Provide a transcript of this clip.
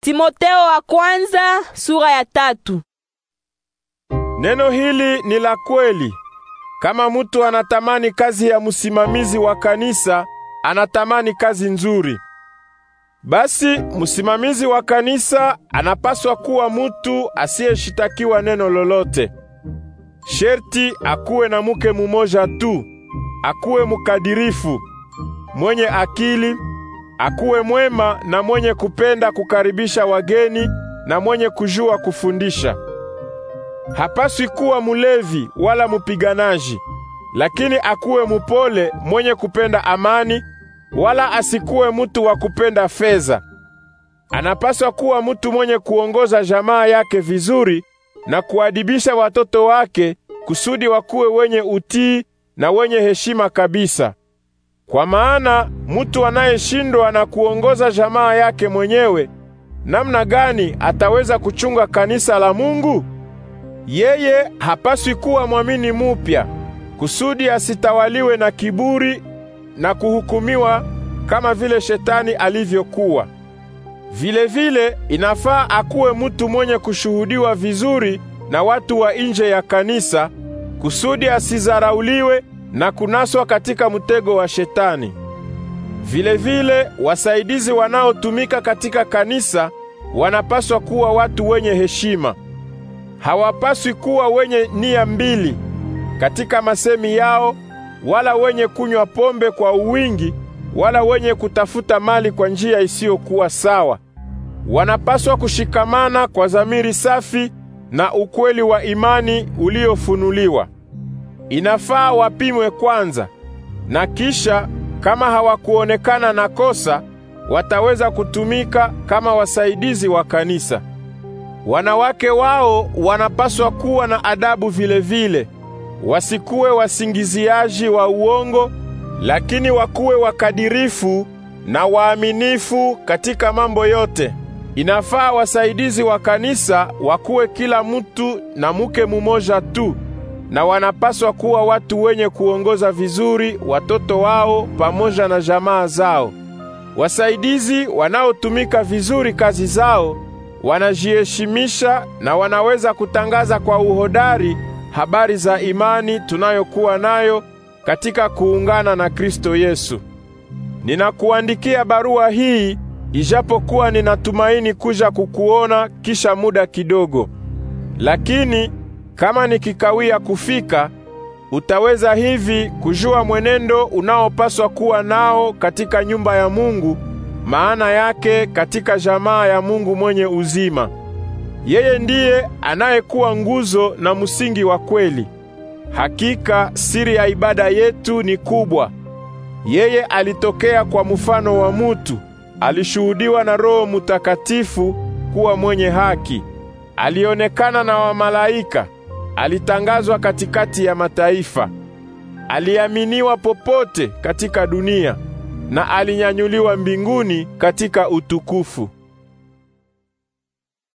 Timoteo wa kwanza, sura ya tatu. Neno hili ni la kweli. Kama mtu anatamani kazi ya msimamizi wa kanisa, anatamani kazi nzuri. Basi msimamizi wa kanisa anapaswa kuwa mtu asiyeshitakiwa neno lolote. Sherti akuwe na muke mumoja tu, akuwe mukadirifu, mwenye akili Akuwe mwema na mwenye kupenda kukaribisha wageni na mwenye kujua kufundisha. Hapaswi kuwa mulevi wala mupiganaji, lakini akuwe mupole, mwenye kupenda amani, wala asikuwe mtu wa kupenda fedha. Anapaswa kuwa mtu mwenye kuongoza jamaa yake vizuri na kuadibisha watoto wake kusudi wakuwe wenye utii na wenye heshima kabisa. Kwa maana mtu anayeshindwa na kuongoza jamaa yake mwenyewe, namna gani ataweza kuchunga kanisa la Mungu? Yeye hapaswi kuwa mwamini mupya kusudi asitawaliwe na kiburi na kuhukumiwa kama vile shetani alivyokuwa. Vile vile inafaa akuwe mtu mwenye kushuhudiwa vizuri na watu wa nje ya kanisa kusudi asizarauliwe na kunaswa katika mtego wa Shetani. vile vile, wasaidizi wanaotumika katika kanisa wanapaswa kuwa watu wenye heshima. Hawapaswi kuwa wenye nia mbili katika masemi yao, wala wenye kunywa pombe kwa uwingi, wala wenye kutafuta mali kwa njia isiyokuwa sawa. Wanapaswa kushikamana kwa dhamiri safi na ukweli wa imani uliofunuliwa inafaa wapimwe kwanza, na kisha kama hawakuonekana na kosa wataweza kutumika kama wasaidizi wa kanisa. Wanawake wao wanapaswa kuwa na adabu vilevile vile. Wasikuwe wasingiziaji wa uongo, lakini wakuwe wakadirifu na waaminifu katika mambo yote. Inafaa wasaidizi wa kanisa wakuwe kila mtu na muke mumoja tu na wanapaswa kuwa watu wenye kuongoza vizuri watoto wao pamoja na jamaa zao. Wasaidizi wanaotumika vizuri kazi zao wanajiheshimisha na wanaweza kutangaza kwa uhodari habari za imani tunayokuwa nayo katika kuungana na Kristo Yesu. Ninakuandikia barua hii ijapokuwa ninatumaini kuja kukuona kisha muda kidogo. Lakini kama nikikawia kufika, utaweza hivi kujua mwenendo unaopaswa kuwa nao katika nyumba ya Mungu, maana yake katika jamaa ya Mungu mwenye uzima. Yeye ndiye anayekuwa nguzo na msingi wa kweli. Hakika siri ya ibada yetu ni kubwa. Yeye alitokea kwa mfano wa mutu, alishuhudiwa na Roho Mutakatifu kuwa mwenye haki, alionekana na wamalaika alitangazwa katikati ya mataifa, aliaminiwa popote katika dunia na alinyanyuliwa mbinguni katika utukufu.